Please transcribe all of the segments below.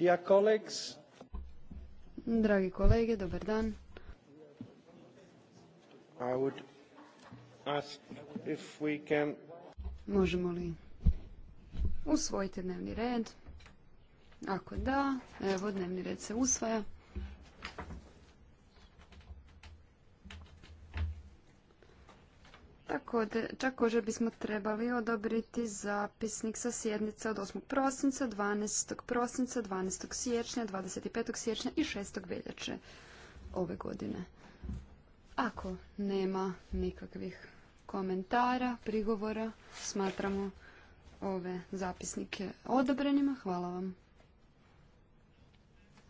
Dear colleagues. Dragi kolege, dobar dan. Možemo li usvojiti dnevni red? Ako da, evo dnevni red se usvaja. Također, bismo trebali odobriti zapisnik sa sjednice od 8. prosinca, 12. prosinca, 12. siječnja, 25. siječnja i 6. veljače ove godine. Ako nema nikakvih komentara, prigovora, smatramo ove zapisnike odobrenima. Hvala vam.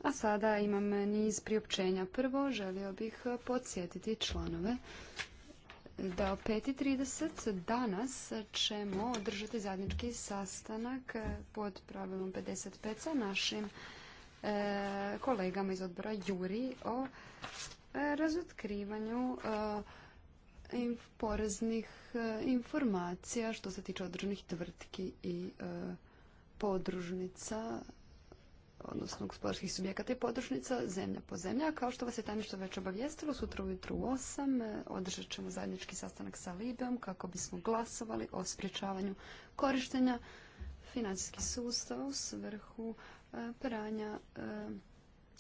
A sada imam niz priopćenja. Prvo, želio bih podsjetiti članove da o 5.30 danas ćemo održati zajednički sastanak pod pravilom 55 sa našim e, kolegama iz odbora Juri o e, razotkrivanju e, poreznih informacija što se tiče određenih tvrtki i podružnica odnosno gospodarskih subjekata i podružnica zemlja po zemlja. Kao što vas je tajništvo već obavijestilo, sutra ujutru u 8 e, održat ćemo zajednički sastanak sa Libijom kako bismo glasovali o spriječavanju korištenja financijskih sustava u svrhu e, pranja e,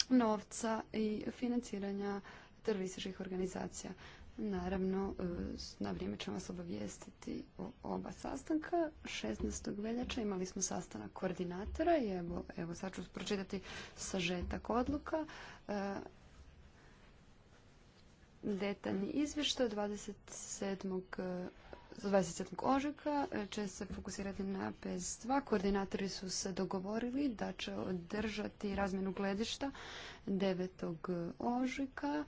novca i financiranja terorističkih organizacija. Naravno, e, na vrijeme ćemo vas obavijestiti o oba sastanka. 16. veljača imali smo sastanak koordinatora i evo, evo sad ću pročitati sažetak odluka. E, detaljni izvještaj 27. 27. E, ožujka će se fokusirati na PS2. Koordinatori su se dogovorili da će održati razmjenu gledišta 9. ožujka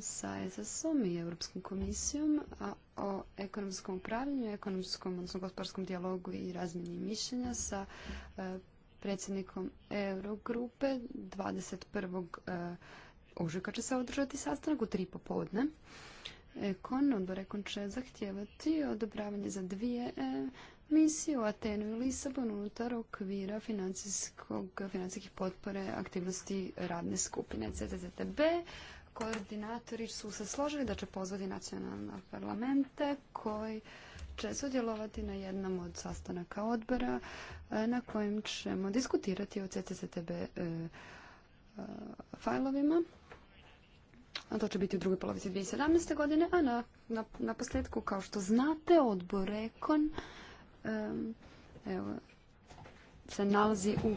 sa SS-om i Europskom komisijom a o ekonomskom upravljanju, ekonomskom, odnosno gospodarskom dijalogu i razmjeni mišljenja sa e, predsjednikom Eurogrupe 21. E, ožujka će se održati sastanak u tri popodne. Ekon, odbor Ekon će zahtijevati odobravanje za dvije e, misije u Atenu i Lisabon unutar okvira financijskih potpore aktivnosti radne skupine CZZTB, Koordinatori su se složili da će pozvati nacionalne parlamente koji će sudjelovati na jednom od sastanaka odbora e, na kojem ćemo diskutirati o CCCTB e, e, fajlovima. A to će biti u drugoj polovici 2017. godine, a na, na, posljedku, kao što znate, odbor rekon evo, se nalazi u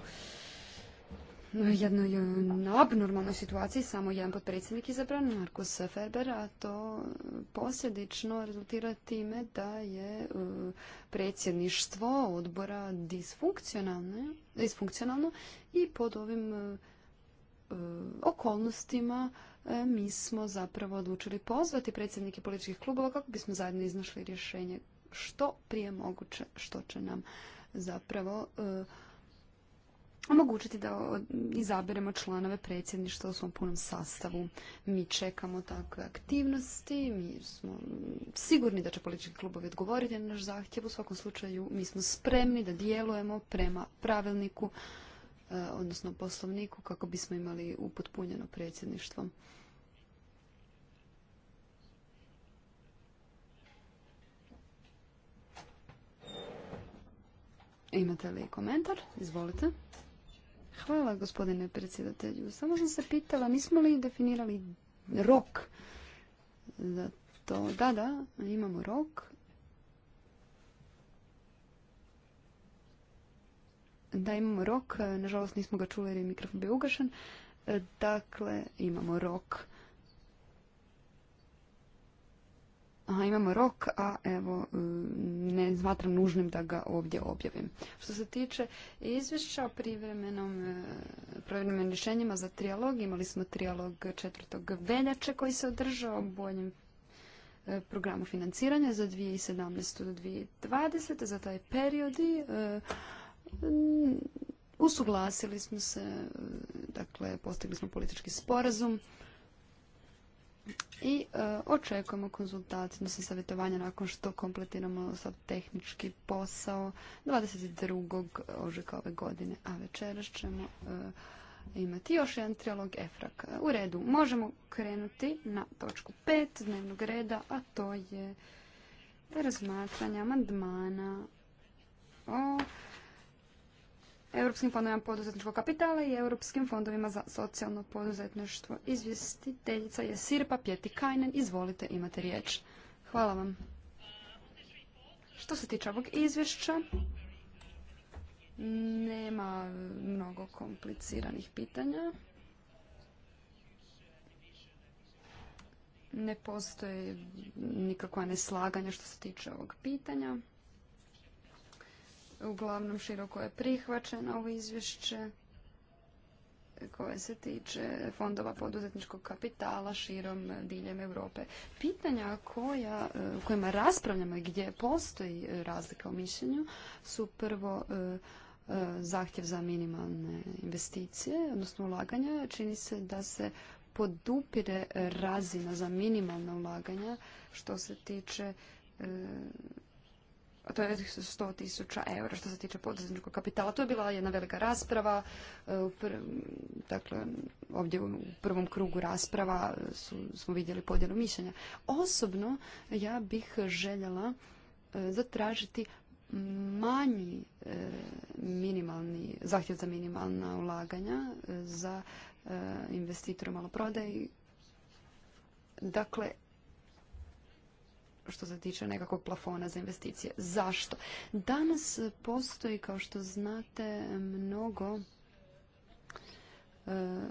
jednoj e, abnormalnoj situaciji samo jedan potpredsjednik izabran, Markus Ferber, a to posljedično rezultira time da je e, predsjedništvo odbora disfunkcionalno, disfunkcionalno i pod ovim e, okolnostima mi smo zapravo odlučili pozvati predsjednike političkih klubova kako bismo zajedno iznašli rješenje što prije moguće, što će nam zapravo omogućiti da izaberemo članove predsjedništva u svom punom sastavu. Mi čekamo takve aktivnosti, mi smo sigurni da će politički klubovi odgovoriti na naš zahtjev. U svakom slučaju mi smo spremni da djelujemo prema pravilniku, e, odnosno poslovniku, kako bismo imali upotpunjeno predsjedništvo. Imate li komentar? Izvolite. Hvala gospodine predsjedatelju. Samo sam se pitala, nismo li definirali rok za to? Da, da, imamo rok. Da, imamo rok. Nažalost nismo ga čuli jer je mikrofon bio ugašen. Dakle, imamo rok Aha, imamo rok, a evo e, ne smatram nužnim da ga ovdje objavim. Što se tiče izvješća o privremenom e, privremenim rješenjima za trijalog, imali smo trijalog 4. veljače koji se održao u boljem e, programu financiranja za 2017. do 2020. za taj period i usuglasili smo se, dakle postigli smo politički sporazum i e, očekujemo konzultaciju, odnosno savjetovanje nakon što kompletiramo sad tehnički posao 22. ožujka ove godine, a večeras ćemo e, imati još jedan trijalog EFRAK. U redu, možemo krenuti na točku 5 dnevnog reda, a to je razmatranje amandmana o Europskim fondovima poduzetničkog kapitala i Europskim fondovima za socijalno poduzetništvo. Izvjestiteljica je Sirpa Pjeti Kajnen. Izvolite, imate riječ. Hvala vam. Što se tiče ovog izvješća, nema mnogo kompliciranih pitanja. Ne postoje nikakva neslaganja što se tiče ovog pitanja. Uglavnom široko je prihvaćeno ovo izvješće koje se tiče fondova poduzetničkog kapitala širom diljem Europe. Pitanja koja, kojima raspravljamo i gdje postoji razlika u mišljenju su prvo e, e, zahtjev za minimalne investicije, odnosno ulaganja. Čini se da se podupire razina za minimalna ulaganja što se tiče e, to je 100 tisuća eura što se tiče poduzetničkog kapitala. To je bila jedna velika rasprava, e, dakle ovdje u prvom krugu rasprava smo vidjeli podjelu mišljenja. Osobno ja bih željela e, zatražiti manji e, minimalni, zahtjev za minimalna ulaganja za investitore maloprodaje. Dakle, što se tiče nekakvog plafona za investicije. Zašto? Danas postoji, kao što znate, mnogo e,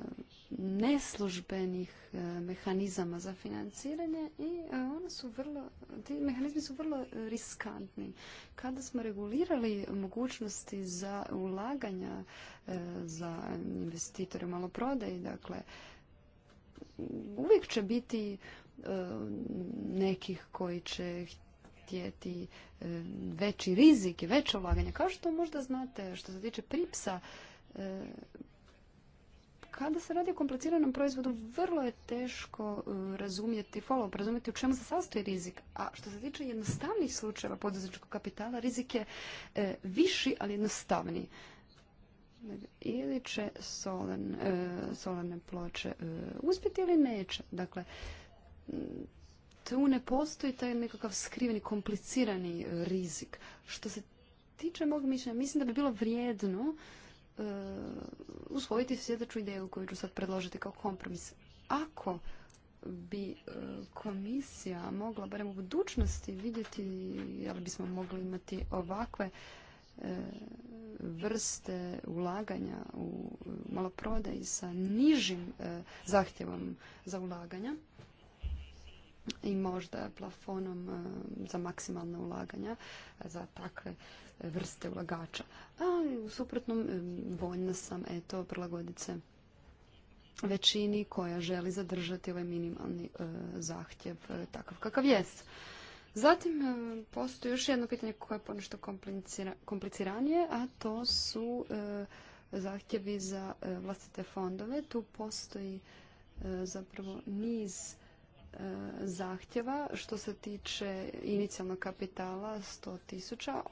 neslužbenih e, mehanizama za financiranje i e, su vrlo, ti mehanizmi su vrlo riskantni. Kada smo regulirali mogućnosti za ulaganja za investitore maloprodaji, dakle, uvijek će biti E, nekih koji će htjeti e, veći rizik i veće ulaganje. Kao što možda znate što se tiče pripsa, e, kada se radi o kompliciranom proizvodu, vrlo je teško razumjeti follow-up, razumjeti u čemu se sastoji rizik. A što se tiče jednostavnih slučajeva poduzetničkog kapitala, rizik je viši, ali jednostavniji. Ili će solene ploče uspjeti ili neće. Dakle, tu ne postoji taj nekakav skriveni, komplicirani e, rizik. Što se tiče mog mišljenja, mislim da bi bilo vrijedno e, usvojiti sljedeću ideju koju ću sad predložiti kao kompromis. Ako bi e, komisija mogla barem u budućnosti vidjeti, ali bismo mogli imati ovakve vrste ulaganja u maloprodaji sa nižim zahtjevom za ulaganja, i možda plafonom e, za maksimalna ulaganja e, za takve vrste ulagača. A u suprotnom e, voljna sam eto prilagoditi većini koja želi zadržati ovaj minimalni zahtjev takav kakav jest. Zatim postoji još jedno pitanje koje je ponešto kompliciranije, a to su zahtjevi za vlastite fondove. Tu postoji zapravo niz zahtjeva što se tiče inicijalnog kapitala 100 tisuća,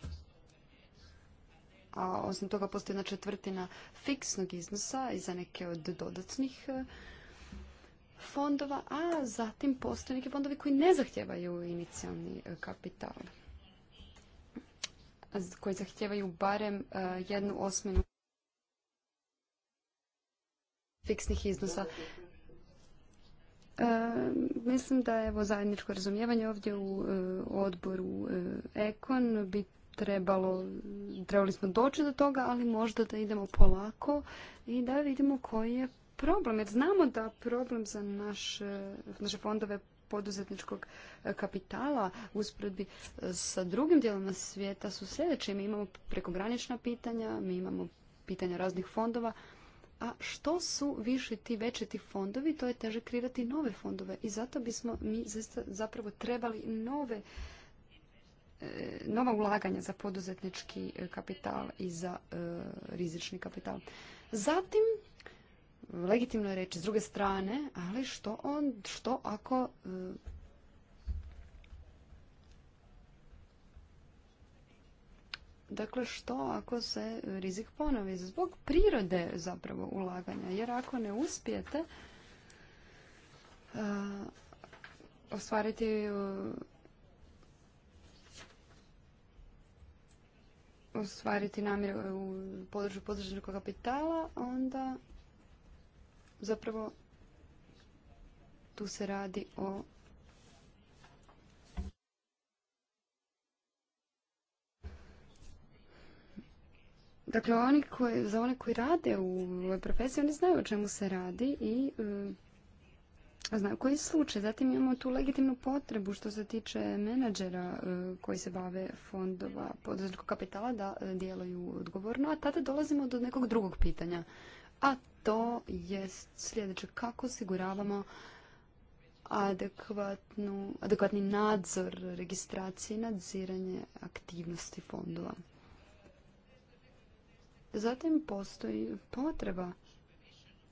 a osim toga postoji na četvrtina fiksnog iznosa i za neke od dodatnih e, fondova, a zatim postoje neki fondovi koji ne zahtjevaju inicijalni e, kapital, koji zahtjevaju barem e, jednu osminu fiksnih iznosa. E, mislim da evo zajedničko razumijevanje ovdje u e, odboru e, Ekon bi trebalo, trebali smo doći do toga, ali možda da idemo polako i da vidimo koji je problem. Jer znamo da problem za naše fondove poduzetničkog kapitala usporedbi sa drugim dijelama svijeta su sljedeće. Mi imamo prekogranična pitanja, mi imamo pitanja raznih fondova, a što su više ti veći ti fondovi, to je teže kreirati nove fondove. I zato bismo mi zapravo trebali nove e, nova ulaganja za poduzetnički e, kapital i za e, rizični kapital. Zatim, legitimno je reći s druge strane, ali što, on, što ako Dakle, što ako se rizik ponovi? Zbog prirode zapravo ulaganja. Jer ako ne uspijete e, ostvariti e, ostvariti namjeru u području podržanog kapitala, onda zapravo tu se radi o Dakle, oni koji, za one koji rade u ovoj profesiji, oni znaju o čemu se radi i e, znaju koji je slučaj. Zatim imamo tu legitimnu potrebu što se tiče menadžera e, koji se bave fondova poduzetničkog kapitala da e, djeluju odgovorno, a tada dolazimo do nekog drugog pitanja. A to je sljedeće, kako osiguravamo adekvatnu, adekvatni nadzor registracije i nadziranje aktivnosti fondova. Zatim postoji potreba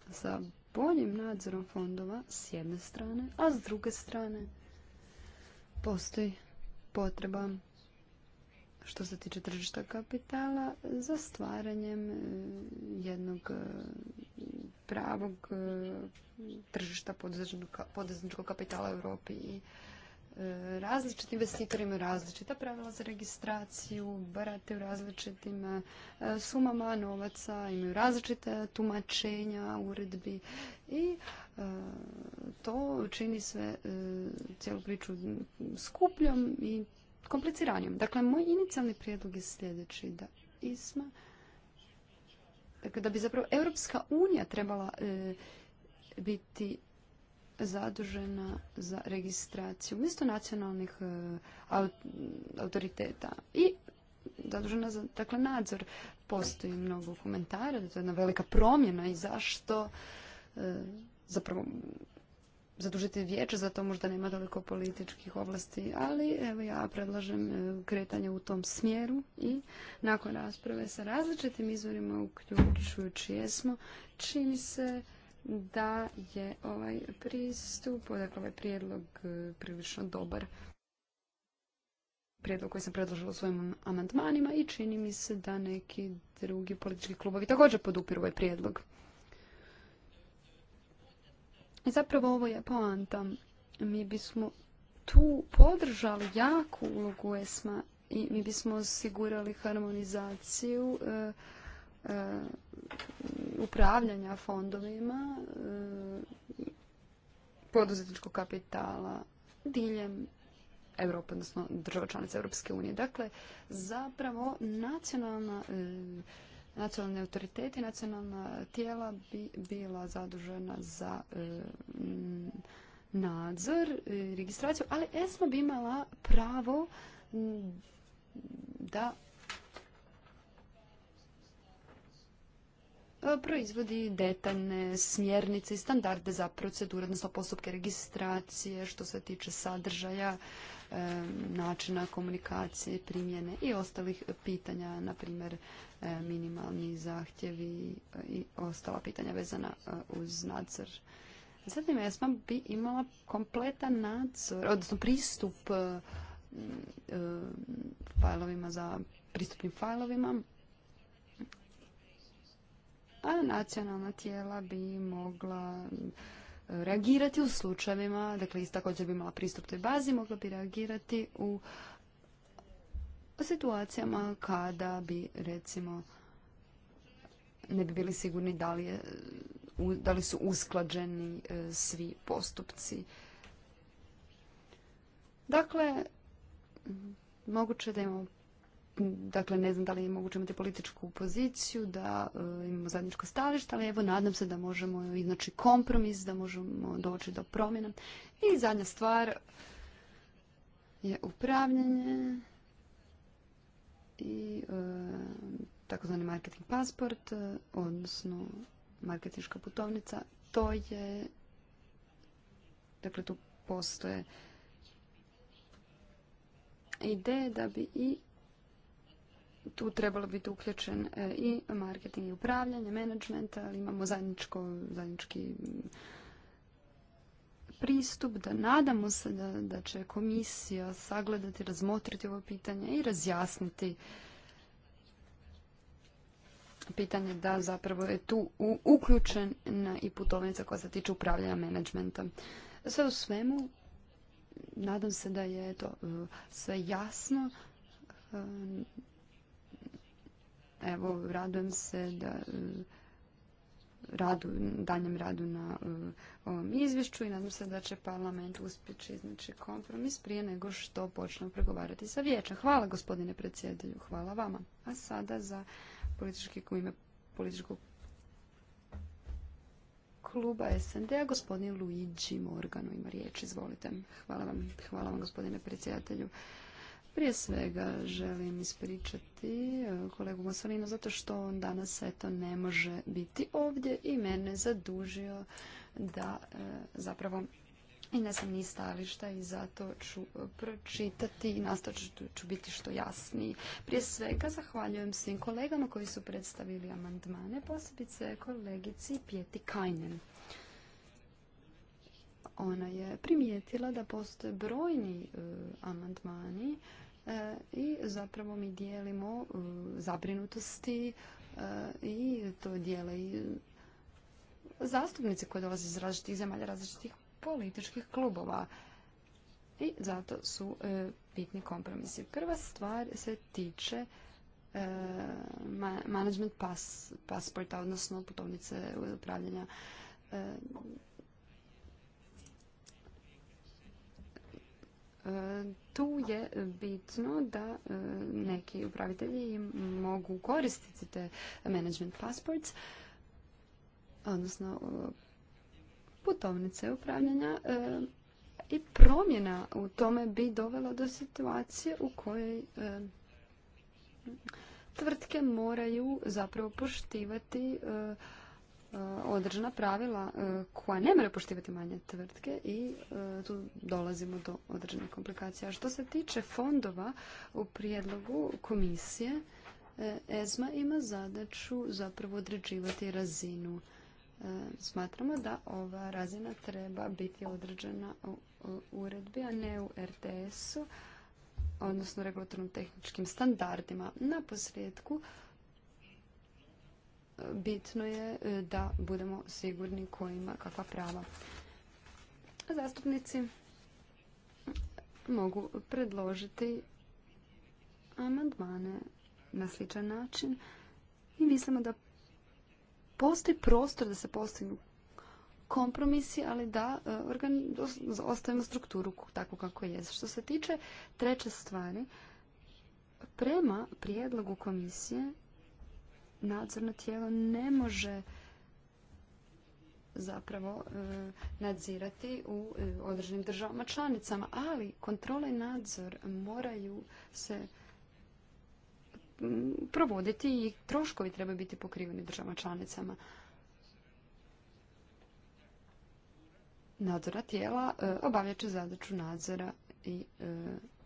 za boljim nadzorom fondova s jedne strane, a s druge strane postoji potreba što se tiče tržišta kapitala za stvaranjem e, jednog e, pravog e, tržišta poduzetničkog kapitala u Europi i različiti investitori imaju različita pravila za registraciju, barate u različitim e, sumama novaca, imaju različite tumačenja, uredbi i e, to čini sve e, cijelu priču skupljom i kompliciranjem. Dakle, moj inicijalni prijedlog je sljedeći da ISMA, dakle, da bi zapravo Europska unija trebala biti zadužena za registraciju umjesto nacionalnih e, autoriteta i zadužena za dakle, nadzor. Postoji mnogo komentara, da je jedna velika promjena i zašto e, zapravo zadužiti vijeće, za to možda nema toliko političkih ovlasti, ali evo ja predlažem e, kretanje u tom smjeru i nakon rasprave sa različitim izvorima uključujući jesmo, čini se da je ovaj pristup, dakle ovaj prijedlog e, prilično dobar prijedlog koji sam predložila u svojim amandmanima i čini mi se da neki drugi politički klubovi također podupiru ovaj prijedlog. I zapravo ovo je poanta. Mi bismo tu podržali jaku ulogu ESMA i mi bismo osigurali harmonizaciju e, E, upravljanja fondovima e, poduzetničkog kapitala diljem Europe, odnosno država članica Europske unije. Dakle, zapravo nacionalna e, nacionalni autoriteti, nacionalna tijela bi bila zadužena za nadzor, registraciju, ali ESMA bi imala pravo da E, proizvodi detaljne smjernice i standarde za procedure, odnosno postupke registracije što se tiče sadržaja, e, načina komunikacije, primjene i ostalih pitanja, na primjer e, minimalni zahtjevi i ostala pitanja vezana uz nadzor. Zatim ESMA bi imala kompletan nadzor, odnosno pristup fajlovima za pristupnim fajlovima, a nacionalna tijela bi mogla mm, reagirati u slučajevima, dakle također bi imala pristup toj bazi, mogla bi reagirati u situacijama kada bi recimo ne bi bili sigurni da li, je, da li su usklađeni e, svi postupci. Dakle, moguće da imamo dakle ne znam da li je moguće imati političku poziciju, da e, imamo zajedničko stajalište, ali evo nadam se da možemo iznaći kompromis, da možemo doći do promjena. I zadnja stvar je upravljanje i e, takozvani marketing pasport, e, odnosno marketinška putovnica. To je, dakle tu postoje ideje da bi i tu trebalo biti uključen e, i marketing i upravljanje, management, ali imamo zajedničko, zajednički mm, pristup, da nadamo se da, da će komisija sagledati, razmotriti ovo pitanje i razjasniti pitanje da zapravo je tu uključena i putovnica koja se tiče upravljanja managementa. Sve u svemu, nadam se da je to e, sve jasno e, Evo, radujem se da radu, danjem radu na e, ovom izvješću i nadam se da će parlament uspjeći iznaći kompromis prije nego što počnemo pregovarati sa vijećem. Hvala gospodine predsjedatelju, hvala vama. A sada za politički u ime političkog kluba SND-a gospodin Luigi Morgano ima riječ. Izvolite. Hvala vam. Hvala vam gospodine predsjedatelju. Prije svega želim ispričati e, kolegu Gosolino zato što on danas eto ne može biti ovdje i mene zadužio da e, zapravo i ne sam ni stališta i zato ću pročitati i nastavit ću, biti što jasniji. Prije svega zahvaljujem svim kolegama koji su predstavili amandmane, posebice kolegici Pjeti Kajnen. Ona je primijetila da postoje brojni e, amandmani E, i zapravo mi dijelimo e, zabrinutosti e, i to dijele i zastupnice koje dolaze iz različitih zemalja, različitih političkih klubova. I zato su bitni kompromisi. Prva stvar se tiče management pasporta, odnosno putovnice upravljanja. tu je bitno da e, neki upravitelji mogu koristiti te management passports, odnosno e, putovnice upravljanja e, i promjena u tome bi dovela do situacije u kojoj tvrtke moraju zapravo poštivati E, određena pravila e, koja ne moraju poštivati manje tvrtke i e, tu dolazimo do određenih komplikacija. A što se tiče fondova u prijedlogu komisije, ESMA ima zadaću zapravo određivati razinu. Smatramo da ova razina treba biti određena u uredbi, a ne u RTS-u, odnosno regulatornom tehničkim standardima. Na posljedku, bitno je e, da budemo sigurni ko ima kakva prava. Zastupnici mogu predložiti amandmane na sličan način i mislimo da postoji prostor da se postignu kompromisi, ali da e, ostavimo strukturu tako kako je. Što se tiče treće stvari, prema prijedlogu komisije nadzorno tijelo ne može zapravo e, nadzirati u e, određenim državama članicama, ali kontrole i nadzor moraju se provoditi i troškovi treba biti pokriveni državama članicama. Nadzora tijela e, obavljaće će zadaću nadzora i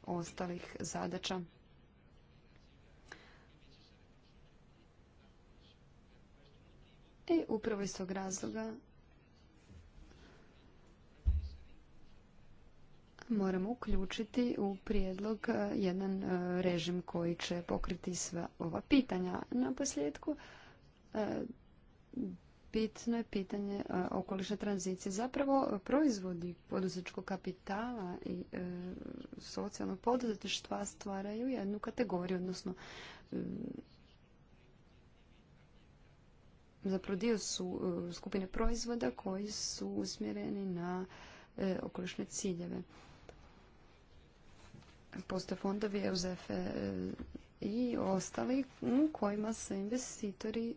ostalih zadaća. I upravo iz tog razloga moramo uključiti u prijedlog e, jedan e, režim koji će pokriti sva ova pitanja. Na posljedku e, bitno je pitanje okoliša tranzicije. Zapravo proizvodi poduzetničkog kapitala i socijalnog poduzetništva stvaraju jednu kategoriju, odnosno zapravo dio su e, skupine proizvoda koji su usmjereni na e, okolišne ciljeve. Postoje fondovi EUZF e, i ostali u kojima se investitori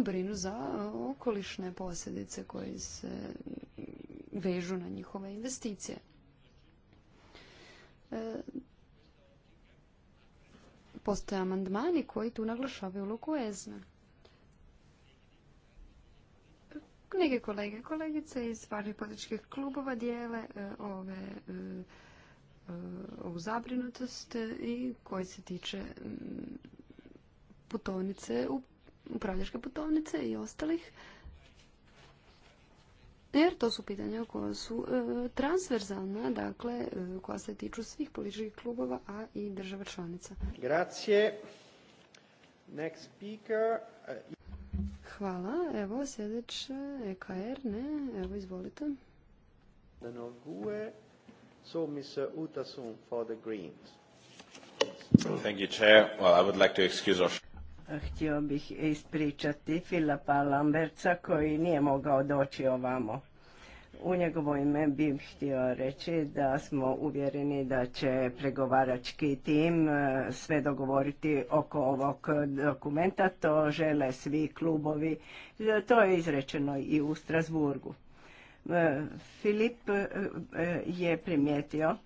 brinu za okolišne posljedice koje se vežu na njihove investicije postoje amandmani koji tu naglašavaju ulogu Ezna. Neke kolege i kolegice iz važnih političkih klubova dijele e, ove e, e, ovu zabrinutost i koji se tiče putovnice, upravljačke putovnice i ostalih jer to su pitanja koja su e, transverzalna, dakle, e, koja se tiču svih političkih klubova, a i država članica. Grazie. Next speaker. E, Hvala. Evo, sljedeće EKR, ne? Evo, izvolite. So, Mr. Utasun for the Greens. Thank you, Chair. Well, I would like to excuse our... Htio bih ispričati Filipa Lamberca koji nije mogao doći ovamo. U njegovo ime bih htio reći da smo uvjereni da će pregovarački tim e, sve dogovoriti oko ovog dokumenta. To žele svi klubovi. E, to je izrečeno i u Strasburgu. E, Filip je primijetio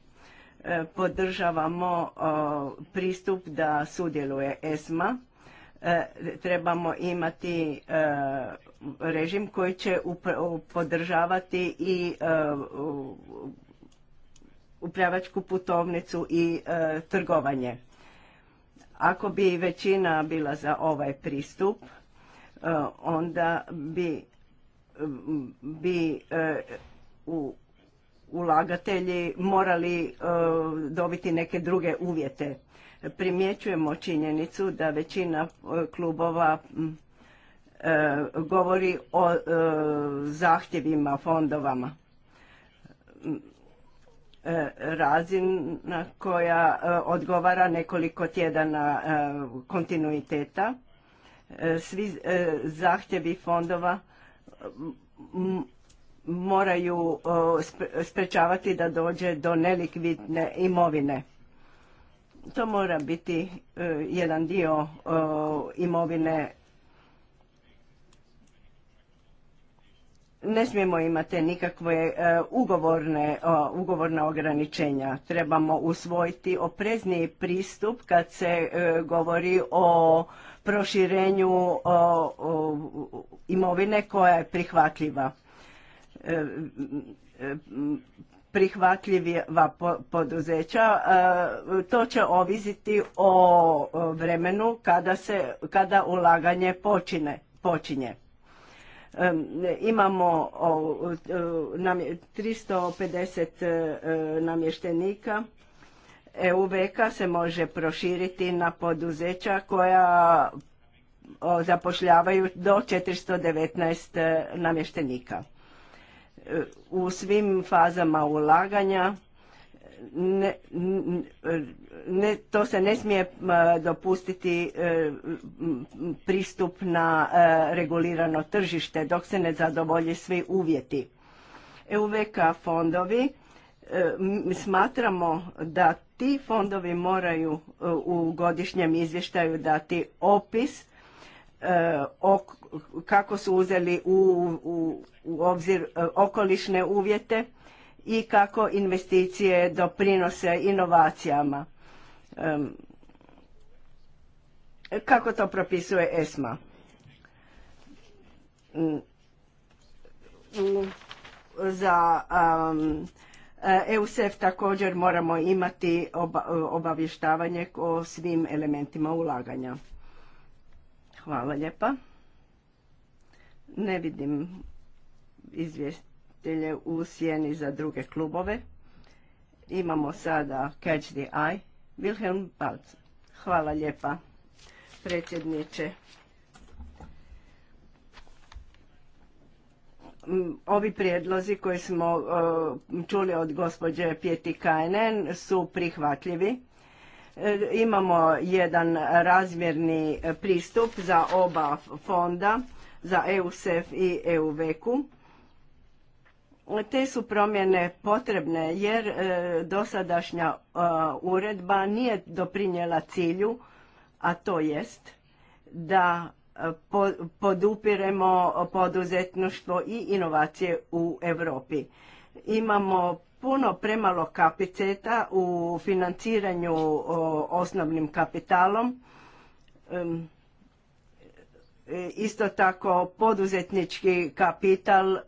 podržavamo pristup da sudjeluje ESMA E, trebamo imati e, režim koji će podržavati i e, upravljačku putovnicu i trgovanje. Ako bi većina bila za ovaj pristup, onda bi, ulagatelji morali dobiti neke druge uvjete primjećujemo činjenicu da većina e, klubova e, govori o e, zahtjevima fondovama razina koja odgovara nekoliko tjedana kontinuiteta. Svi zahtjevi fondova moraju sprečavati da dođe do nelikvidne imovine. To mora biti e, jedan dio e, imovine. Ne smijemo imati nikakve e, ugovorne, ugovorna ograničenja. Trebamo usvojiti oprezniji pristup kad se govori o proširenju imovine koja je prihvatljiva prihvatljiva poduzeća, e, to će ovisiti o vremenu kada, se, kada ulaganje počine, počinje. Imamo 350 e, namještenika, EUVK se može proširiti na poduzeća koja zapošljavaju do 419 e, namještenika u svim fazama ulaganja ne, ne, to se ne smije dopustiti e, pristup na e, regulirano tržište dok se ne zadovolje svi uvjeti. EUVK fondovi e, smatramo da ti fondovi moraju u godišnjem izvještaju dati opis E, kako su uzeli u, u, u obzir e, okolišne uvjete i kako investicije doprinose inovacijama. Kako to propisuje ESMA? U, mm, mm, za um, EUSEF također moramo imati obavještavanje o svim elementima ulaganja. Hvala lijepa. Ne vidim izvjestitelje u sjeni za druge klubove. Imamo sada Catch the Eye. Wilhelm Balc. Hvala lijepa, predsjedniče. Mm, ovi prijedlozi koji smo uh, čuli od gospođe Pjeti Kajnen su prihvatljivi E, imamo jedan razmjerni pristup za oba fonda, za EUSEF i EUVEKU. Te su promjene potrebne jer e, dosadašnja e, uredba nije doprinjela cilju, a to jest da podupiremo poduzetništvo i inovacije u Europi. Imamo puno premalo kapiteta u financiranju osnovnim kapitalom. E, isto tako poduzetnički kapital e,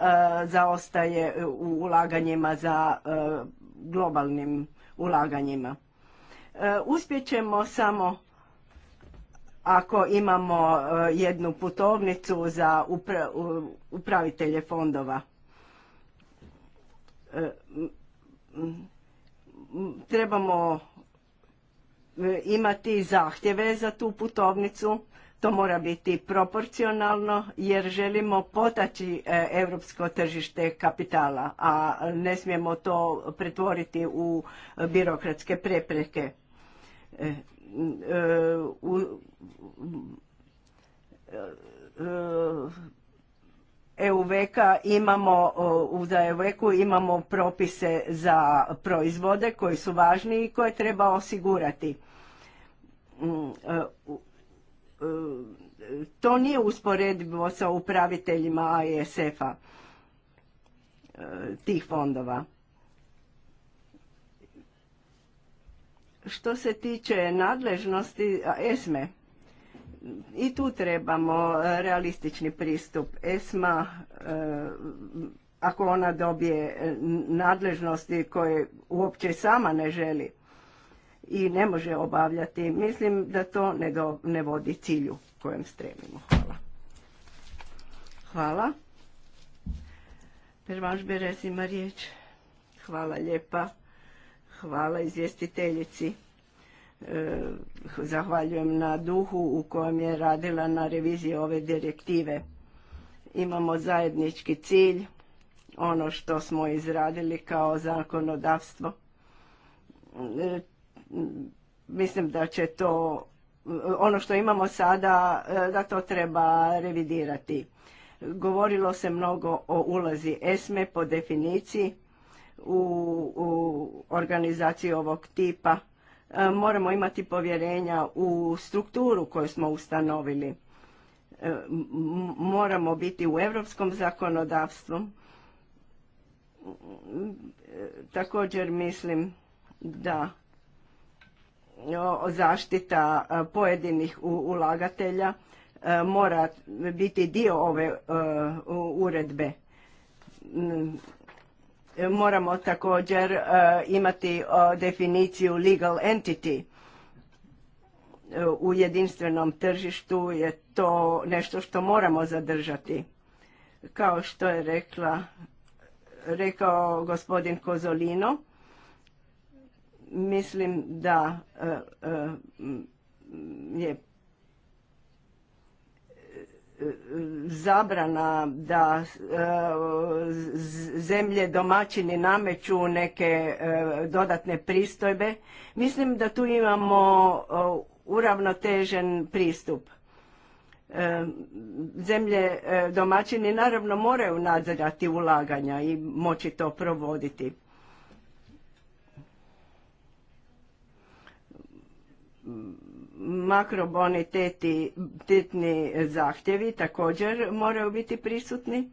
zaostaje u ulaganjima za e, globalnim ulaganjima. ćemo samo ako imamo jednu putovnicu za upravitelje fondova trebamo e, imati zahtjeve za tu putovnicu. To mora biti proporcionalno jer želimo potaći e, europsko tržište kapitala, a ne smijemo to pretvoriti u e, birokratske prepreke. u, EUVEKA imamo, u EUVEKU imamo propise za proizvode koji su važni i koje treba osigurati. Mm, e, e, to nije usporedivo sa upraviteljima isf a e tih fondova. Što se tiče nadležnosti ESME, i tu trebamo e, realistični pristup. ESMA, e, ako ona dobije e, nadležnosti koje uopće sama ne želi i ne može obavljati, mislim da to ne, ne vodi cilju kojem stremimo. Hvala. Hvala. Pervanš Beres ima riječ. Hvala lijepa. Hvala izvjestiteljici. Eh, zahvaljujem na duhu u kojem je radila na reviziji ove direktive. Imamo zajednički cilj, ono što smo izradili kao zakonodavstvo. Eh, mislim da će to, ono što imamo sada, eh, da to treba revidirati. Govorilo se mnogo o ulazi ESME po definiciji u, u organizaciji ovog tipa E, moramo imati povjerenja u strukturu koju smo ustanovili. E, moramo biti u europskom zakonodavstvu. E, također mislim da zaštita pojedinih ulagatelja mora biti dio ove uredbe moramo također e, imati e, definiciju legal entity e, u jedinstvenom tržištu je to nešto što moramo zadržati. Kao što je rekla, rekao gospodin Kozolino, mislim da je zabrana da e, zemlje domaćini nameću neke e, dodatne pristojbe. Mislim da tu imamo e, uravnotežen pristup. Zemlje domaćini naravno moraju nadzirati ulaganja i moći to provoditi makrobonitetni zahtjevi također moraju biti prisutni,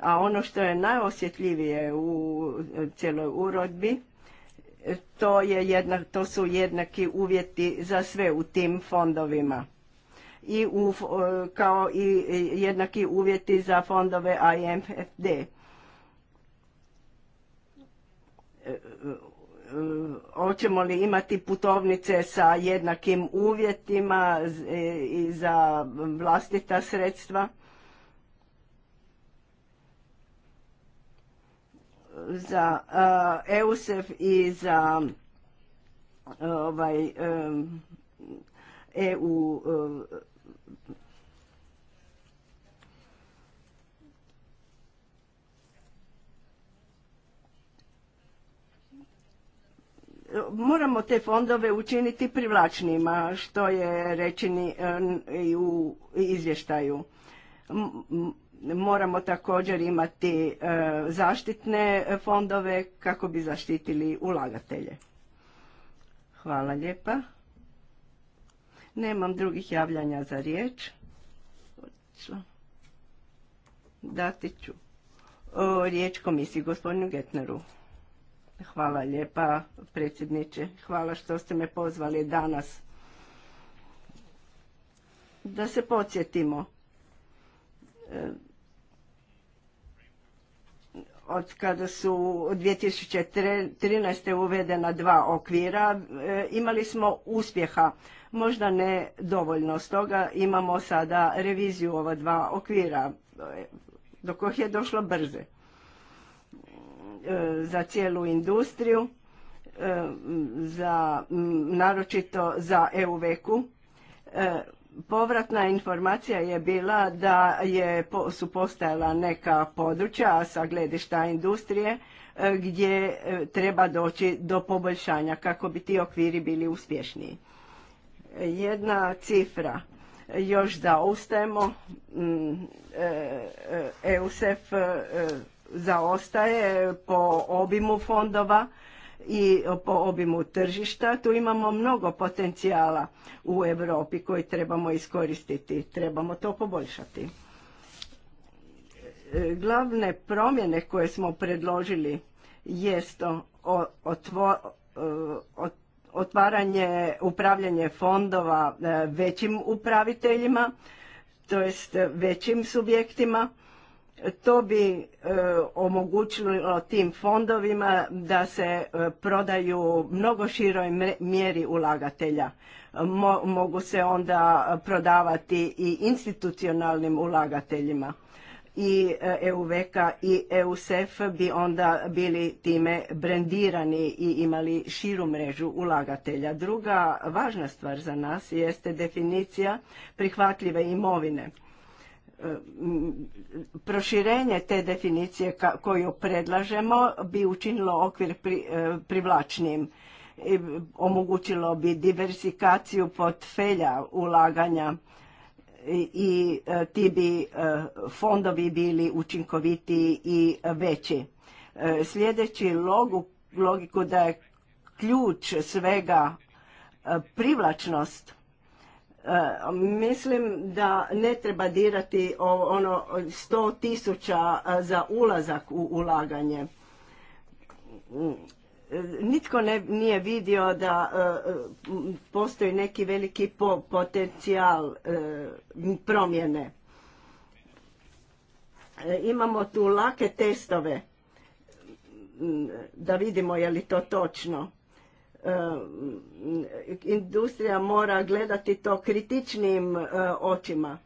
a ono što je najosjetljivije u cijeloj urodbi, to, je to su jednaki uvjeti za sve u tim fondovima. I u, kao i jednaki uvjeti za fondove IMFD E, hoćemo li imati putovnice sa jednakim uvjetima e, i za vlastita sredstva. Za e, EUSEF i za ovaj, EU Moramo te fondove učiniti privlačnijima, što je rečeni e, i u izvještaju. Moramo također imati e, zaštitne fondove kako bi zaštitili ulagatelje. Hvala lijepa. Nemam drugih javljanja za riječ. Dati ću riječ komisiji gospodinu Getneru. Hvala lijepa predsjedniče. Hvala što ste me pozvali danas. Da se podsjetimo. E, od kada su 2013. uvedena dva okvira, e, imali smo uspjeha. Možda ne dovoljno. Stoga imamo sada reviziju ova dva okvira do kojih je došlo brze. E, za cijelu industriju, e, za, naročito za EU-veku. E, povratna informacija je bila da je, su postajala neka područja sa gledišta industrije gdje treba doći do poboljšanja kako bi ti okviri bili uspješniji. Jedna cifra još zaustajemo. EUSEF zaostaje po obimu fondova i po obimu tržišta. Tu imamo mnogo potencijala u Europi koji trebamo iskoristiti. Trebamo to poboljšati. E, glavne promjene koje smo predložili jest e, otvaranje, upravljanje fondova e, većim upraviteljima, to jest većim subjektima to bi e, omogućilo tim fondovima da se e, prodaju mnogo široj mjeri ulagatelja. mogu se onda prodavati i institucionalnim ulagateljima i e, EUVK i EUSEF bi onda bili time brendirani i imali širu mrežu ulagatelja. Druga važna stvar za nas jeste definicija prihvatljive imovine proširenje te definicije koju predlažemo bi učinilo okvir e, privlačnim. omogućilo bi diversifikaciju portfelja ulaganja i, e, ti bi e, fondovi bili učinkovitiji i veći. Sljedeći logiku da je ključ svega privlačnost E, mislim da ne treba dirati ono 100 tisuća e, za ulazak u ulaganje. Mm, e, nitko ne, nije vidio da postoji neki veliki potencijal promjene. Imamo tu lake testove mm, da vidimo je li to točno. E, industrija mora gledati to kritičnim e, očima.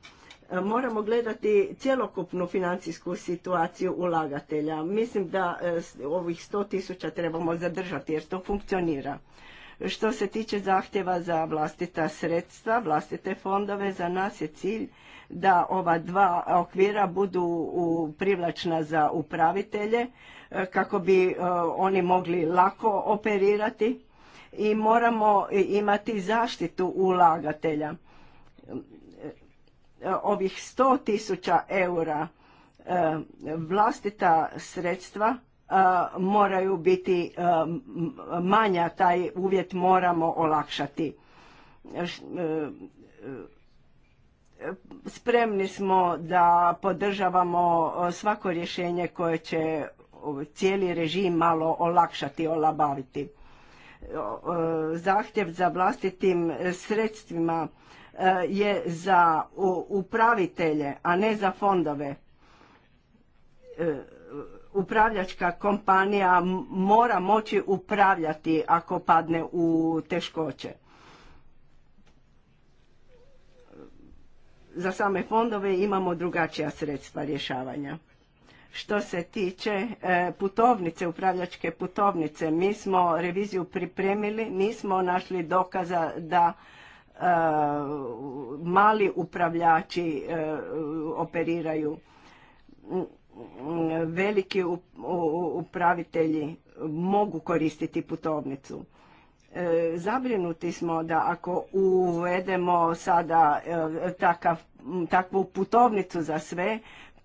E, moramo gledati cjelokupnu financijsku situaciju ulagatelja. Mislim da ovih 100 tisuća trebamo zadržati jer to funkcionira. Što se tiče zahtjeva za vlastita sredstva, vlastite fondove, za nas je cilj da ova dva okvira budu privlačna za upravitelje kako bi oni mogli lako operirati i moramo imati zaštitu ulagatelja. E, ovih 100.000 eura e, vlastita sredstva e, moraju biti manja, taj uvjet moramo olakšati. Spremni smo da podržavamo svako rješenje koje će cijeli režim malo olakšati, olabaviti zahtjev za vlastitim e, sredstvima e, je za upravitelje, a ne za fondove. E, upravljačka kompanija mora moći upravljati ako padne u teškoće. Za same fondove imamo drugačija sredstva rješavanja. Što se tiče e, putovnice, upravljačke putovnice, mi smo reviziju pripremili, nismo našli dokaza da e, mali upravljači e, operiraju. Veliki upravitelji mogu koristiti putovnicu. zabrinuti smo da ako uvedemo sada takvu putovnicu za sve,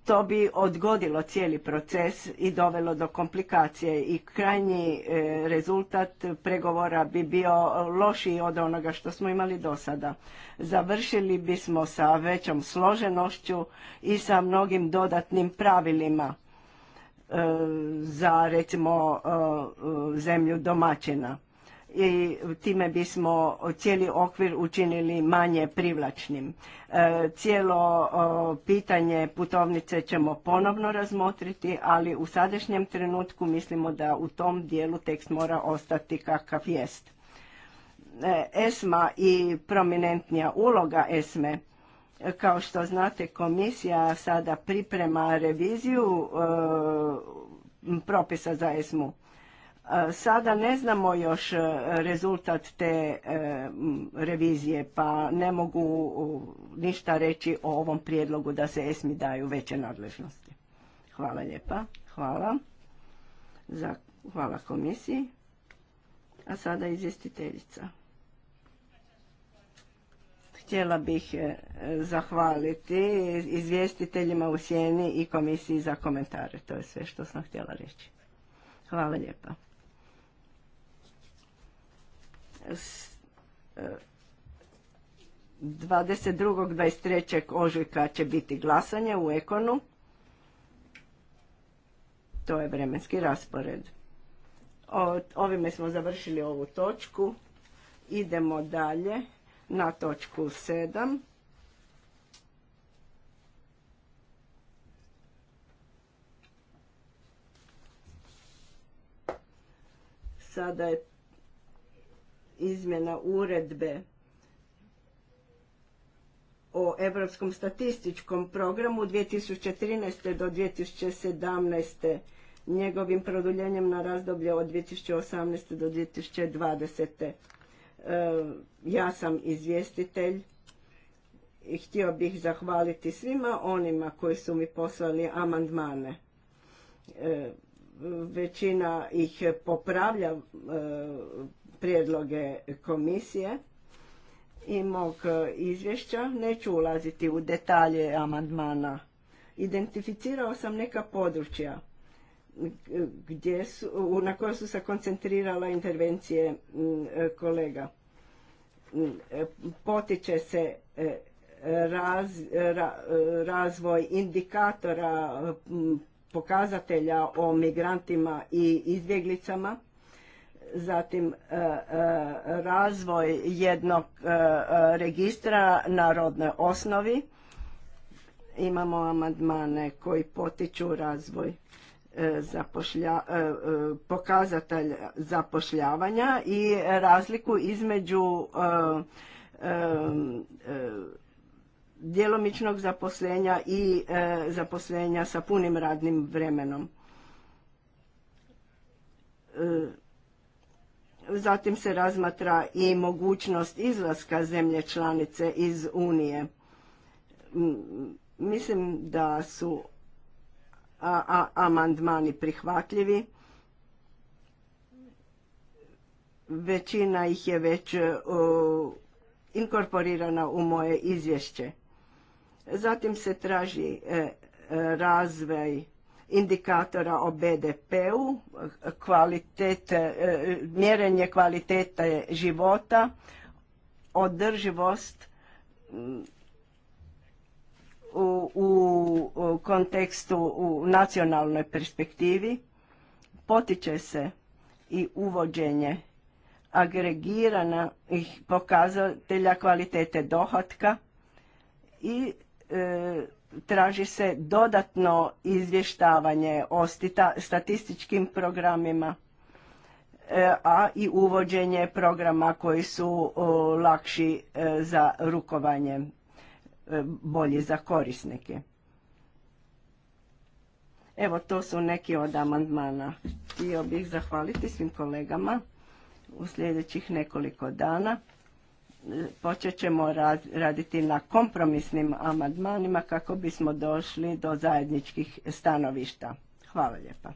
to bi odgodilo cijeli proces i dovelo do komplikacije i krajnji e, rezultat pregovora bi bio lošiji od onoga što smo imali do sada. Završili bismo sa većom složenošću i sa mnogim dodatnim pravilima e, za recimo e, zemlju domaćina i time bismo cijeli okvir učinili manje privlačnim. E, cijelo pitanje putovnice ćemo ponovno razmotriti, ali u sadašnjem trenutku mislimo da u tom dijelu tekst mora ostati kakav jest. E, ESMA i prominentnija uloga ESME kao što znate komisija sada priprema reviziju e, propisa za ESMU. Sada ne znamo još e, rezultat te e, revizije, pa ne mogu ništa reći o ovom prijedlogu da se ESMI daju veće nadležnosti. Hvala lijepa. Hvala. Hvala komisiji. A sada izvjestiteljica. Htjela bih e, zahvaliti izvjestiteljima u Sjeni i komisiji za komentare. To je sve što sam htjela reći. Hvala lijepa. 22.23. 23. E, e, ožujka će biti glasanje u Ekonu. To je vremenski raspored. ovime smo završili ovu točku. Idemo dalje na točku 7. Sada je izmjena uredbe o Europskom statističkom programu 2013. do 2017. njegovim produljenjem na razdoblje od 2018. do 2020. E, ja sam izvjestitelj i htio bih zahvaliti svima onima koji su mi poslali amandmane. E, većina ih popravlja e, prijedloge komisije i mog e, izvješća. Neću ulaziti u detalje amandmana. Identificirao sam neka područja e, gdje na koje su se koncentrirala intervencije e, kolega. Potiče se razvoj indikatora, pokazatelja o migrantima i izbjeglicama zatim e, e, razvoj jednog e, registra na rodnoj osnovi. Imamo amandmane koji potiču razvoj pokazatelj zapošljavanja i razliku između djelomičnog zaposlenja i zaposlenja sa punim radnim vremenom Zatim se razmatra i mogućnost izlaska zemlje članice iz Unije. Mislim da su amandmani prihvatljivi. Većina ih je već e, inkorporirana u moje izvješće. Zatim se traži e, e, razvoj indikatora o BDP-u, e, mjerenje kvalitete života, održivost mm, u, u kontekstu u nacionalnoj perspektivi, potiče se i uvođenje ih pokazatelja kvalitete dohotka i e, traži se dodatno izvještavanje o statističkim programima e, a i uvođenje programa koji su lakši e, za rukovanje, e, bolji za korisnike. Evo, to su neki od amandmana. Htio bih zahvaliti svim kolegama u sljedećih nekoliko dana počet ćemo raditi na kompromisnim amandmanima kako bismo došli do zajedničkih stanovišta. Hvala lijepa.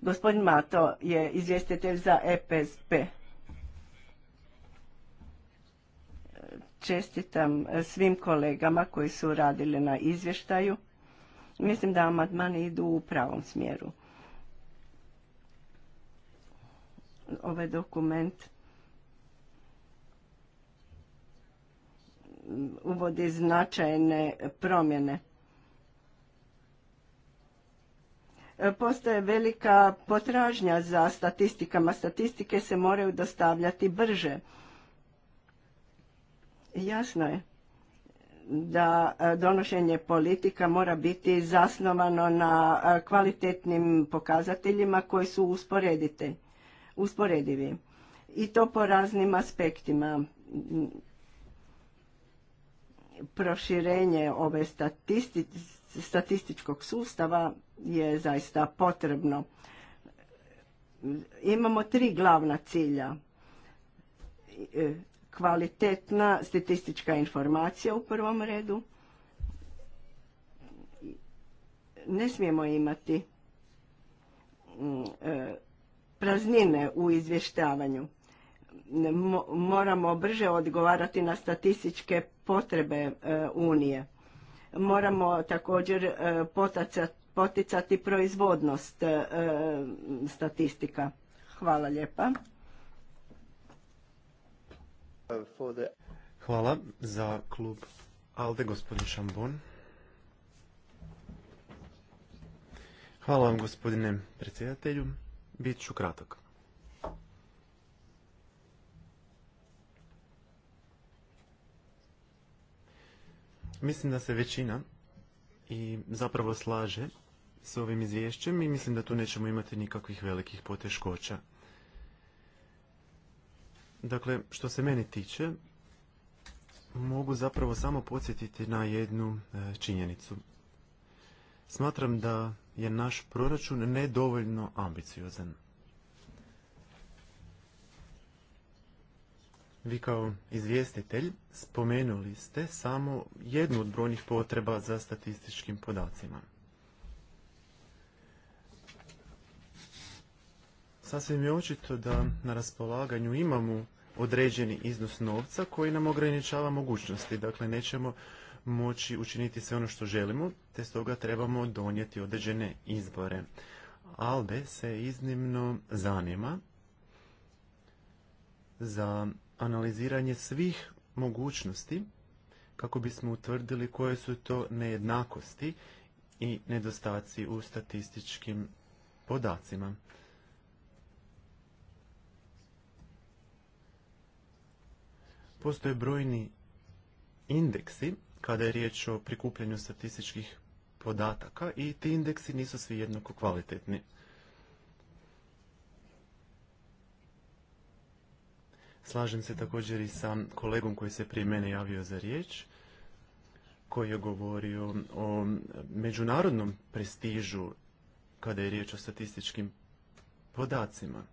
Gospodin Mato je izvjestitelj za EPSP. Čestitam svim kolegama koji su radili na izvještaju. Mislim da amandmani idu u pravom smjeru. ovaj dokument uvodi značajne promjene. E, postoje velika potražnja za statistikama. Statistike se moraju dostavljati brže. Jasno je da e, donošenje politika mora biti zasnovano na e, kvalitetnim pokazateljima koji su usporeditelj usporedivi i to po raznim aspektima. Proširenje ove statističkog sustava je zaista potrebno. Imamo tri glavna cilja. Kvalitetna statistička informacija u prvom redu. Ne smijemo imati mm, e, praznine u izvještavanju. moramo brže odgovarati na statističke potrebe e, Unije. Moramo također e, poticati proizvodnost e, statistika. Hvala lijepa. Hvala za klub Alde, gospodin Šambon. Hvala vam, gospodine predsjedatelju. Bit ću kratak. Mislim da se većina i zapravo slaže s ovim izvješćem i mislim da tu nećemo imati nikakvih velikih poteškoća. Dakle, što se mene tiče, mogu zapravo samo podsjetiti na jednu e, činjenicu. Smatram da je naš proračun nedovoljno ambiciozan. Vi kao izvjestitelj spomenuli ste samo jednu od brojnih potreba za statističkim podacima. Sasvim je očito da na raspolaganju imamo određeni iznos novca koji nam ograničava mogućnosti. Dakle, nećemo moći učiniti sve ono što želimo, te stoga trebamo donijeti određene izbore. Albe se iznimno zanima za analiziranje svih mogućnosti kako bismo utvrdili koje su to nejednakosti i nedostaci u statističkim podacima. Postoje brojni indeksi kada je riječ o prikupljanju statističkih podataka i ti indeksi nisu svi jednako kvalitetni. Slažem se također i sa kolegom koji se prije mene javio za riječ, koji je govorio o međunarodnom prestižu kada je riječ o statističkim podacima.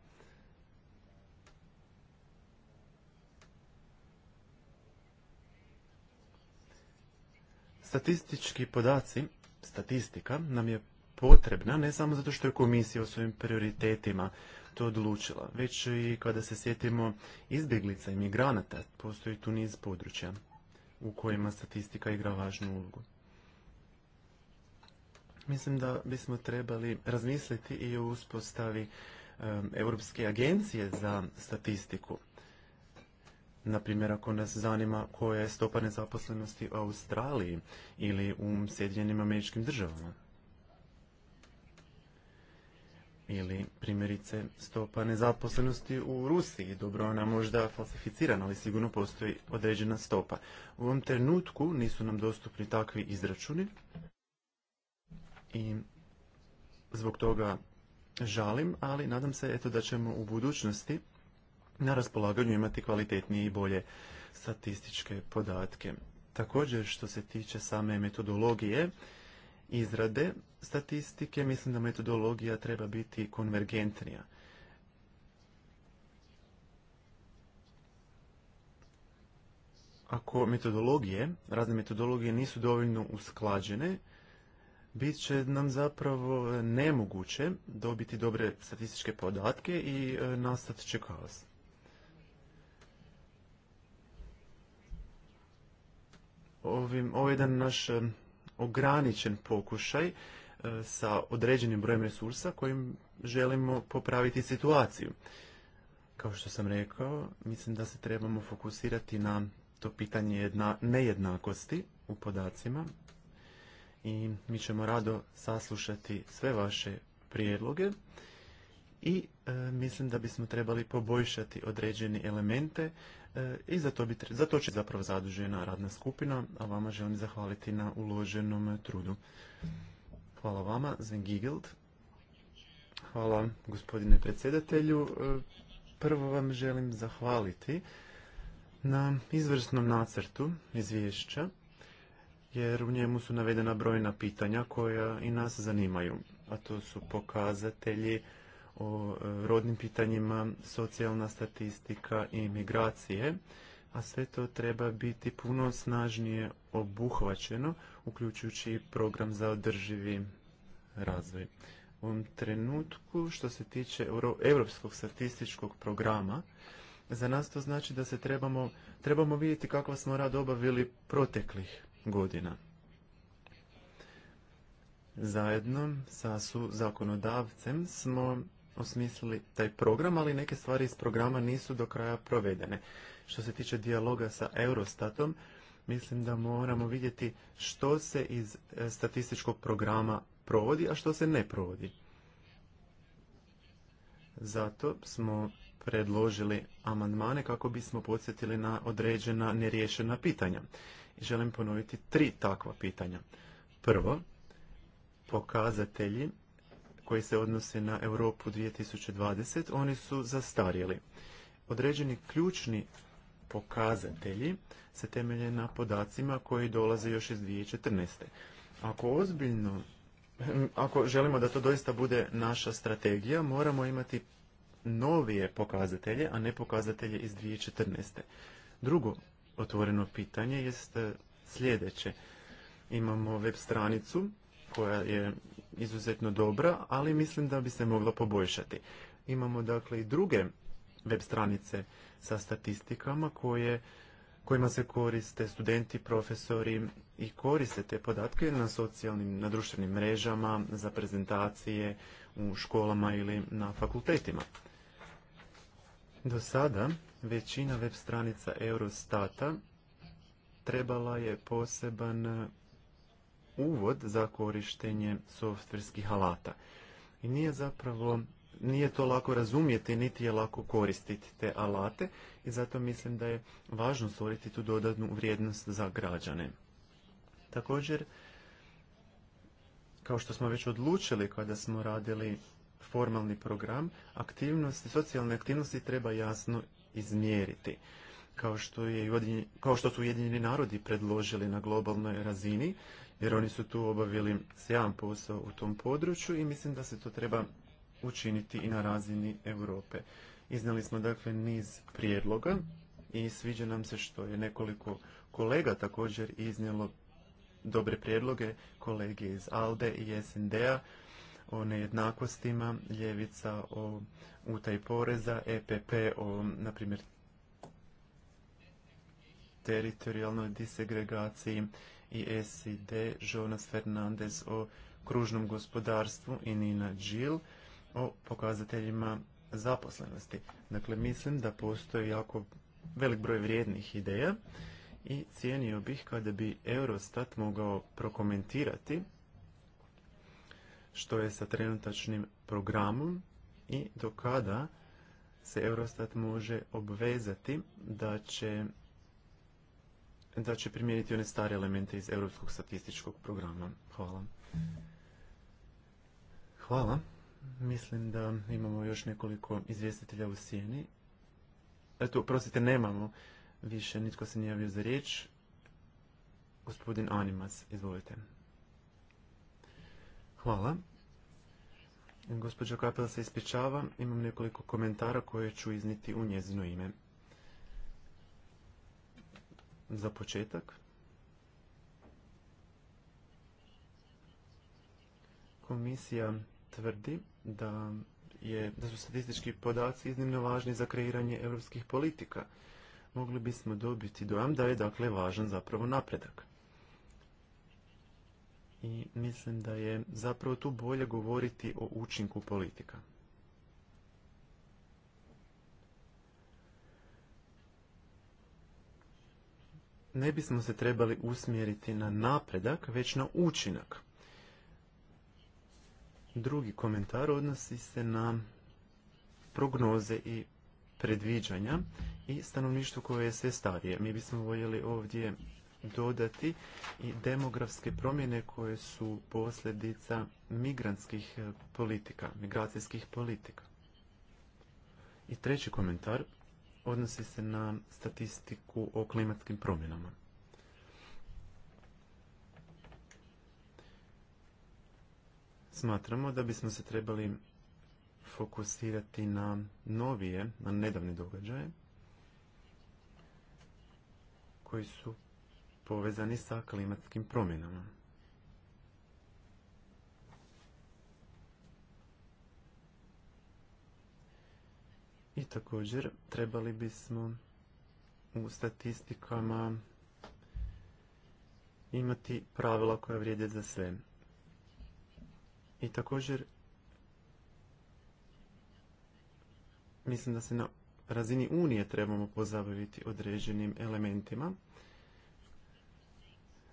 Statistički podaci, statistika nam je potrebna ne samo zato što je komisija o svojim prioritetima to odlučila, već i kada se sjetimo izbjeglica i migranata, postoji tu niz područja u kojima statistika igra važnu ulogu. Mislim da bismo trebali razmisliti i o uspostavi Europske agencije za statistiku. Na primjer, ako nas zanima koja je stopa nezaposlenosti u Australiji ili u Sjedinjenim američkim državama. Ili primjerice stopa nezaposlenosti u Rusiji. Dobro, ona možda falsificirana, ali sigurno postoji određena stopa. U ovom trenutku nisu nam dostupni takvi izračuni i zbog toga žalim, ali nadam se eto da ćemo u budućnosti na raspolaganju imati kvalitetnije i bolje statističke podatke. Također što se tiče same metodologije izrade statistike, mislim da metodologija treba biti konvergentnija. Ako metodologije, razne metodologije nisu dovoljno usklađene, bit će nam zapravo nemoguće dobiti dobre statističke podatke i e, nastat će kaos. ovim, ovo je jedan naš ograničen pokušaj e, sa određenim brojem resursa kojim želimo popraviti situaciju. Kao što sam rekao, mislim da se trebamo fokusirati na to pitanje jedna, nejednakosti u podacima i mi ćemo rado saslušati sve vaše prijedloge i e, mislim da bismo trebali poboljšati određene elemente e, i za to, bi, za to će zapravo zadužena radna skupina, a vama želim zahvaliti na uloženom trudu. Hvala vama, Sven Hvala gospodine predsjedatelju. E, prvo vam želim zahvaliti na izvrsnom nacrtu izvješća, jer u njemu su navedena brojna pitanja koja i nas zanimaju, a to su pokazatelji o e, rodnim pitanjima, socijalna statistika i migracije, a sve to treba biti puno snažnije obuhvaćeno, uključujući i program za održivi razvoj. U ovom trenutku, što se tiče Europskog statističkog programa, za nas to znači da se trebamo, trebamo vidjeti kakva smo rad obavili proteklih godina. Zajedno sa su zakonodavcem smo osmislili taj program, ali neke stvari iz programa nisu do kraja provedene. Što se tiče dijaloga sa Eurostatom, mislim da moramo vidjeti što se iz e, statističkog programa provodi, a što se ne provodi. Zato smo predložili amandmane kako bismo podsjetili na određena neriješena pitanja. I želim ponoviti tri takva pitanja. Prvo, pokazatelji koji se odnose na Europu 2020, oni su zastarjeli. Određeni ključni pokazatelji se temelje na podacima koji dolaze još iz 2014. Ako ozbiljno, ako želimo da to doista bude naša strategija, moramo imati novije pokazatelje, a ne pokazatelje iz 2014. Drugo otvoreno pitanje jest eh, sljedeće. Imamo web stranicu koja je izuzetno dobra, ali mislim da bi se mogla poboljšati. Imamo dakle i druge web stranice sa statistikama koje kojima se koriste studenti, profesori i koriste te podatke na socijalnim, na društvenim mrežama, za prezentacije u školama ili na fakultetima. Do sada većina web stranica Eurostata trebala je poseban uvod za korištenje softverskih alata. I nije zapravo, nije to lako razumjeti, niti je lako koristiti te alate i zato mislim da je važno stvoriti tu dodatnu vrijednost za građane. Također, kao što smo već odlučili kada smo radili formalni program, aktivnosti, socijalne aktivnosti treba jasno izmjeriti. Kao što, je, kao što su Ujedinjeni narodi predložili na globalnoj razini, jer oni su tu obavili sjajan posao u tom području i mislim da se to treba učiniti i na razini Europe. Iznali smo dakle niz prijedloga i sviđa nam se što je nekoliko kolega također iznijelo dobre prijedloge, kolege iz ALDE i SND-a o nejednakostima, ljevica o utaj poreza, EPP o, na primjer, teritorijalnoj disegregaciji i SID Jonas Fernandez o kružnom gospodarstvu i Nina Jill o pokazateljima zaposlenosti. Dakle, mislim da postoji jako velik broj vrijednih ideja i cijenio bih kada bi Eurostat mogao prokomentirati što je sa trenutačnim programom i do kada se Eurostat može obvezati da će da će primijeniti one stare elemente iz Europskog statističkog programa. Hvala. Hvala. Mislim da imamo još nekoliko izvjestitelja u sjeni. Eto, prosite, nemamo više, nitko se nije javio za riječ. Gospodin Animas, izvolite. Hvala. Gospodin Kapel se ispričava, imam nekoliko komentara koje ću izniti u njezino ime za početak. Komisija tvrdi da, je, da su statistički podaci iznimno važni za kreiranje europskih politika. Mogli bismo dobiti dojam da je dakle važan zapravo napredak. I mislim da je zapravo tu bolje govoriti o učinku politika. ne bismo se trebali usmjeriti na napredak, već na učinak. Drugi komentar odnosi se na prognoze i predviđanja i stanovništvo koje je sve starije. Mi bismo voljeli ovdje dodati i demografske promjene koje su posljedica migrantskih politika, migracijskih politika. I treći komentar odnosi se na statistiku o klimatskim promjenama. Smatramo da bismo se trebali fokusirati na novije, na nedavne događaje koji su povezani sa klimatskim promjenama. I također trebali bismo u statistikama imati pravila koja vrijede za sve. I također mislim da se na razini Unije trebamo pozabaviti određenim elementima.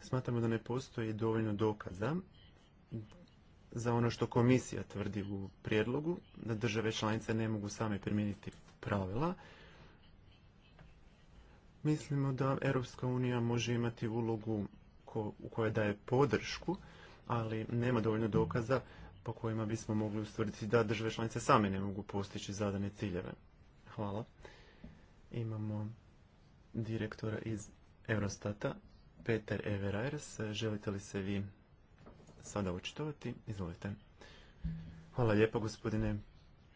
Smatramo da ne postoji dovoljno dokaza za ono što komisija tvrdi u prijedlogu, da države članice ne mogu same primijeniti pravila. Mislimo da Europska unija može imati ulogu u kojoj daje podršku, ali nema dovoljno dokaza po kojima bismo mogli ustvrditi da države članice same ne mogu postići zadane ciljeve. Hvala. Imamo direktora iz Eurostata, Peter Everairs. Želite li se vi sada očitovati. Izvolite. Hvala lijepo gospodine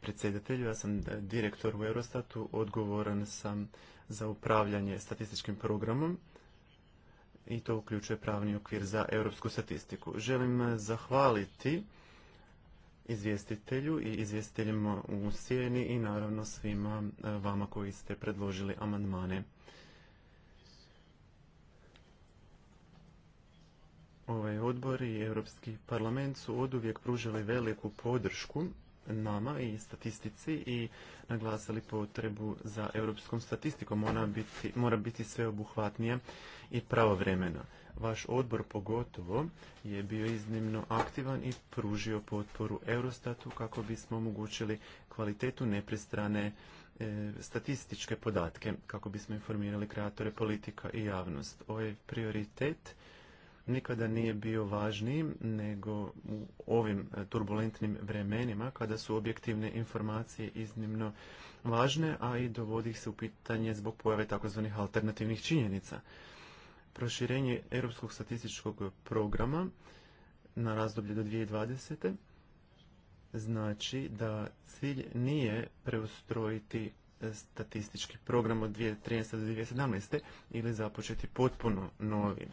predsjedatelju. Ja sam direktor u Eurostatu, odgovoran sam za upravljanje statističkim programom i to uključuje pravni okvir za europsku statistiku. Želim zahvaliti izvjestitelju i izvjestiteljima u Sijeni i naravno svima vama koji ste predložili amandmane. Ovaj odbor i Europski parlament su oduvijek pružili veliku podršku nama i statistici i naglasili potrebu za europskom statistikom. Ona biti, mora biti sveobuhvatnija i pravovremena. Vaš odbor pogotovo je bio iznimno aktivan i pružio potporu Eurostatu kako bismo omogućili kvalitetu nepristrane e, statističke podatke, kako bismo informirali kreatore politika i javnost. Ovaj prioritet nikada nije bio važniji nego u ovim e, turbulentnim vremenima kada su objektivne informacije iznimno važne, a i dovodi ih se u pitanje zbog pojave takozvanih alternativnih činjenica. Proširenje Europskog statističkog programa na razdoblje do 2020. znači da cilj nije preustrojiti statistički program od 2013. do 2017. ili započeti potpuno novi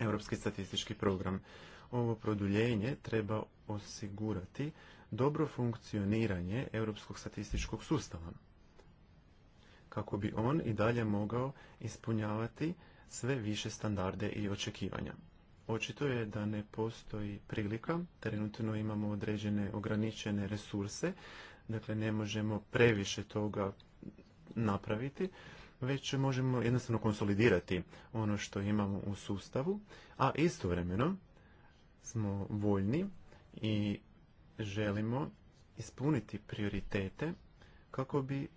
Europski statistički program. Ovo produljenje treba osigurati dobro funkcioniranje Europskog statističkog sustava kako bi on i dalje mogao ispunjavati sve više standarde i očekivanja. Očito je da ne postoji prilika, trenutno imamo određene ograničene resurse, dakle ne možemo previše toga napraviti, već možemo jednostavno konsolidirati ono što imamo u sustavu, a istovremeno smo voljni i želimo ispuniti prioritete kako bi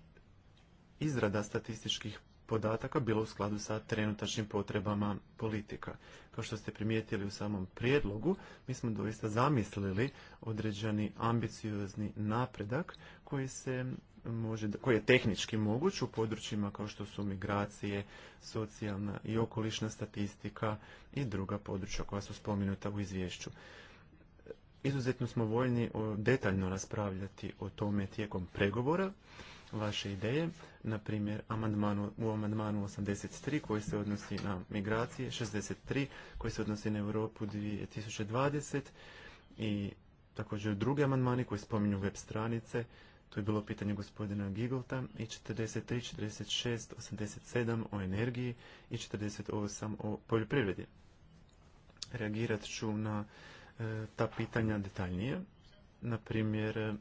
izrada statističkih podataka bila u skladu sa trenutačnim potrebama politika. Kao što ste primijetili u samom prijedlogu, mi smo doista zamislili određeni ambiciozni napredak koji se može, je tehnički moguć u područjima kao što su migracije, socijalna i okolišna statistika i druga područja koja su spomenuta u izvješću. Izuzetno smo voljni detaljno raspravljati o tome tijekom pregovora, vaše ideje, na primjer u amandmanu 83 koji se odnosi na migracije, 63 koji se odnosi na Europu 2020 i također drugi amandmani koji spominju web stranice, to je bilo pitanje gospodina Gigolta i 43, 46, 87 o energiji i 48 o poljoprivredi. Reagirat ću na e, ta pitanja detaljnije. Na primjer, e,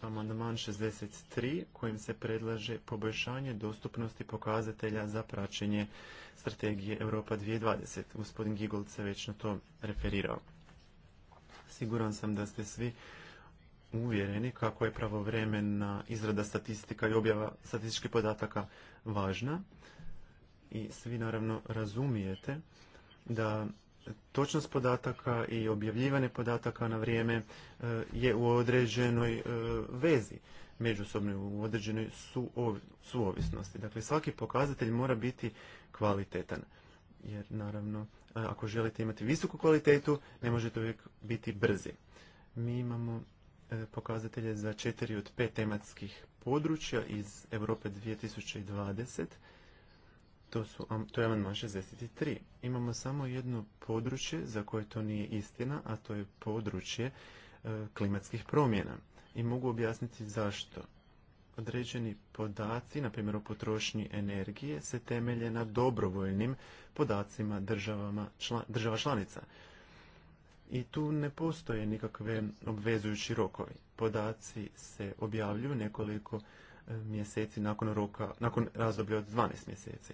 amandman 63 kojim se predlaže poboljšanje dostupnosti pokazatelja za praćenje strategije Europa 2020. Gospodin Gigold se već na to referirao. Siguran sam da ste svi uvjereni kako je pravovremena izrada statistika i objava statističkih podataka važna. I svi naravno razumijete da točnost podataka i objavljivanje podataka na vrijeme e, je u određenoj e, vezi međusobnoj u određenoj suovisnosti. Dakle, svaki pokazatelj mora biti kvalitetan. Jer, naravno, e, ako želite imati visoku kvalitetu, ne možete uvijek biti brzi. Mi imamo E, pokazatelje za četiri od pet tematskih područja iz Europe 2020. To, su, to je amandman 63. Imamo samo jedno područje za koje to nije istina, a to je područje e, klimatskih promjena. I mogu objasniti zašto. Određeni podaci, na primjer o potrošnji energije, se temelje na dobrovoljnim podacima država članica i tu ne postoje nikakve obvezujući rokovi. Podaci se objavljuju nekoliko e, mjeseci nakon roka, nakon razdoblja od 12 mjeseci.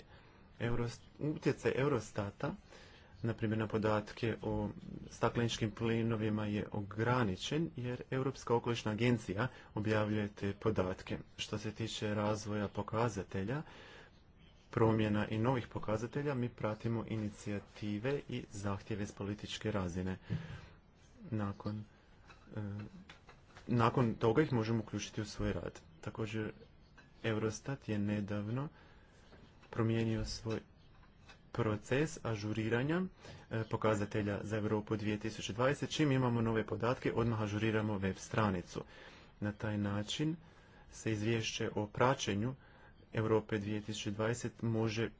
Eurost, utjecaj Eurostata, na primjer na podatke o stakleničkim plinovima je ograničen jer Europska okolišna agencija objavljuje te podatke. Što se tiče razvoja pokazatelja, promjena i novih pokazatelja, mi pratimo inicijative i zahtjeve s političke razine. Nakon, e, nakon toga ih možemo uključiti u svoj rad. Također, Eurostat je nedavno promijenio svoj proces ažuriranja e, pokazatelja za Europu 2020. Čim imamo nove podatke, odmah ažuriramo web stranicu. Na taj način se izvješće o praćenju Europe 2020 može,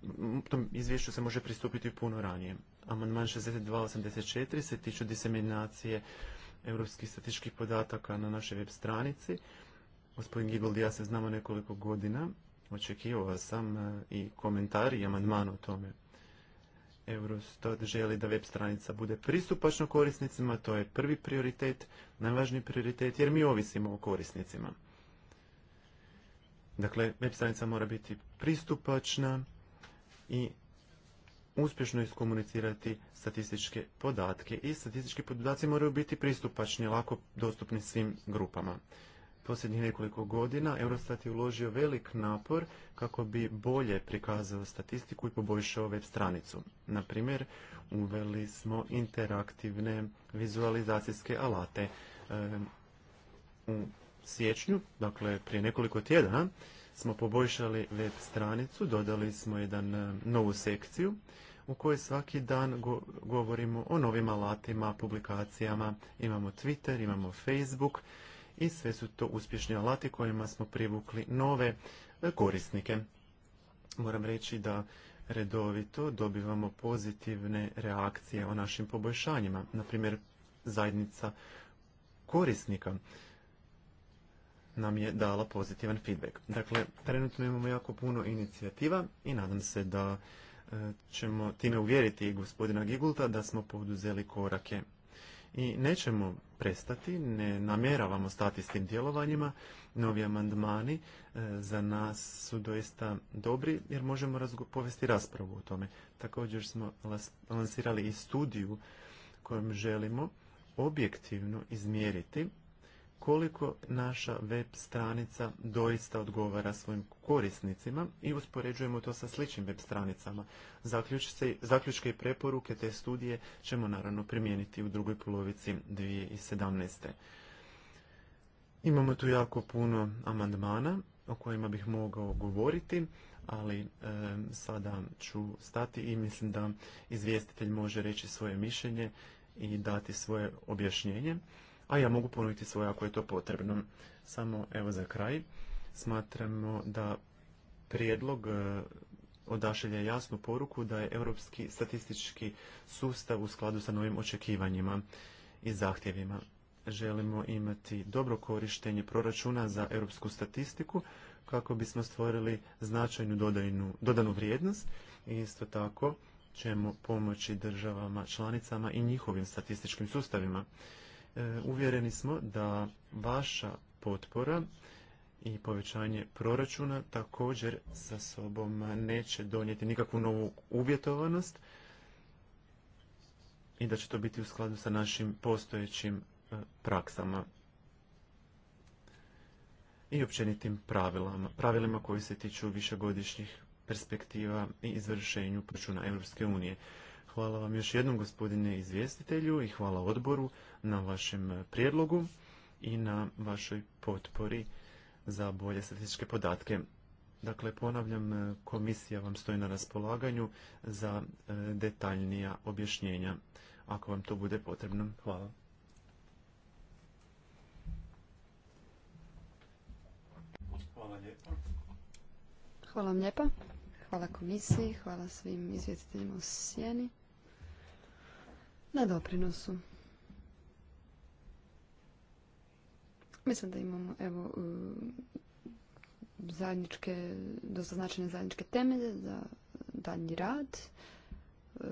tom izvješću se može pristupiti puno ranije. Amandman 6284 se tiče diseminacije europskih statističkih podataka na našoj web stranici. Gospodin Gigold ja se znamo nekoliko godina. Očekivao sam e, i komentar i amandman o tome. Eurostat želi da web stranica bude pristupačna korisnicima, to je prvi prioritet, najvažniji prioritet jer mi ovisimo o korisnicima. Dakle, web stranica mora biti pristupačna i uspješno iskomunicirati statističke podatke i statistički podaci moraju biti pristupačni, lako dostupni svim grupama. Posljednjih nekoliko godina Eurostat je uložio velik napor kako bi bolje prikazao statistiku i poboljšao web stranicu. Na primjer, uveli smo interaktivne vizualizacijske alate e, u siječnju, dakle prije nekoliko tjedana, smo poboljšali web stranicu, dodali smo jedan e, novu sekciju u kojoj svaki dan govorimo o novim alatima, publikacijama, imamo Twitter, imamo Facebook i sve su to uspješni alati kojima smo privukli nove e, korisnike. Moram reći da redovito dobivamo pozitivne reakcije o našim poboljšanjima, na primjer zajednica korisnika nam je dala pozitivan feedback. Dakle, trenutno imamo jako puno inicijativa i nadam se da e, ćemo time uvjeriti i gospodina Gigulta da smo poduzeli korake. I nećemo prestati, ne namjeravamo stati s tim djelovanjima. Novi amandmani e, za nas su doista dobri jer možemo povesti raspravu o tome. Također smo lansirali i studiju kojom želimo objektivno izmjeriti koliko naša web stranica doista odgovara svojim korisnicima i uspoređujemo to sa sličnim web stranicama. Zaključke, i preporuke te studije ćemo naravno primijeniti u drugoj polovici 2017. Imamo tu jako puno amandmana o kojima bih mogao govoriti, ali e, sada ću stati i mislim da izvjestitelj može reći svoje mišljenje i dati svoje objašnjenje a ja mogu ponoviti svoje ako je to potrebno. Samo evo za kraj, smatramo da prijedlog e, odašelja jasnu poruku da je europski statistički sustav u skladu sa novim očekivanjima i zahtjevima. Želimo imati dobro korištenje proračuna za europsku statistiku kako bismo stvorili značajnu dodajnu, dodanu vrijednost i isto tako ćemo pomoći državama članicama i njihovim statističkim sustavima. E, uvjereni smo da vaša potpora i povećanje proračuna također sa sobom neće donijeti nikakvu novu uvjetovanost i da će to biti u skladu sa našim postojećim e, praksama i općenitim pravilama, pravilima koji se tiču višegodišnjih perspektiva i izvršenju proračuna Europske unije. Hvala vam još jednom gospodine izvjestitelju i hvala odboru na vašem prijedlogu i na vašoj potpori za bolje statističke podatke. Dakle, ponavljam, e, komisija vam stoji na raspolaganju za e, detaljnija objašnjenja, ako vam to bude potrebno. Hvala. Hvala lijepa. Hvala Hvala komisiji, hvala svim izvjetiteljima u Sijeni na doprinosu. Mislim da imamo evo, e, zajedničke, dosta značajne zajedničke temelje za daljnji rad. E,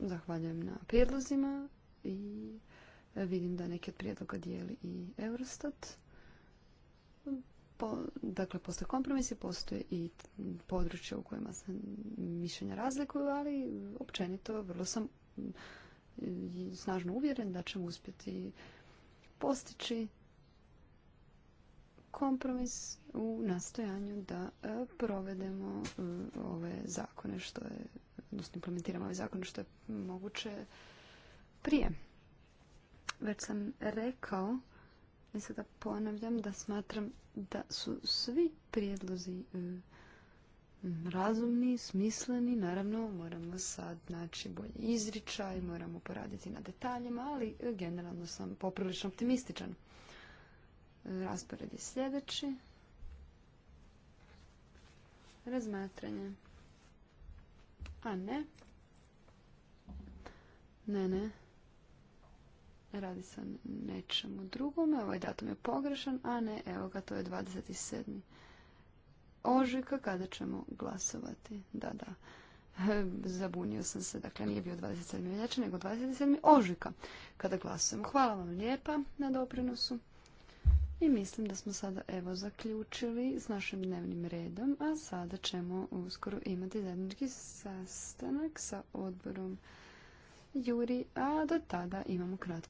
zahvaljujem na prijedlozima i vidim da neki od prijedloga dijeli i Eurostat. Po, dakle, postoje kompromisi, postoje i područje u kojima se mišljenja razlikuju, ali općenito vrlo sam snažno uvjeren da ćemo uspjeti postići kompromis u nastojanju da e, provedemo e, ove zakone što je, odnosno implementiramo ove zakone što je moguće prije. Već sam rekao i sada ponavljam da smatram da su svi prijedlozi e, razumni, smisleni, naravno moramo sad naći bolji izričaj, moramo poraditi na detaljima, ali generalno sam poprilično optimističan. Raspored je sljedeći. Razmatranje. A ne. Ne, ne. Radi se o nečemu drugom. Ovaj datum je pogrešan. A ne, evo ga, to je 27 ožujka kada ćemo glasovati. Da, da. Zabunio sam se, dakle nije bio 27. veljače, nego 27. ožujka kada glasujemo. Hvala vam lijepa na doprinosu. I mislim da smo sada evo zaključili s našim dnevnim redom, a sada ćemo uskoro imati zajednički sastanak sa odborom Juri, a do tada imamo kratko.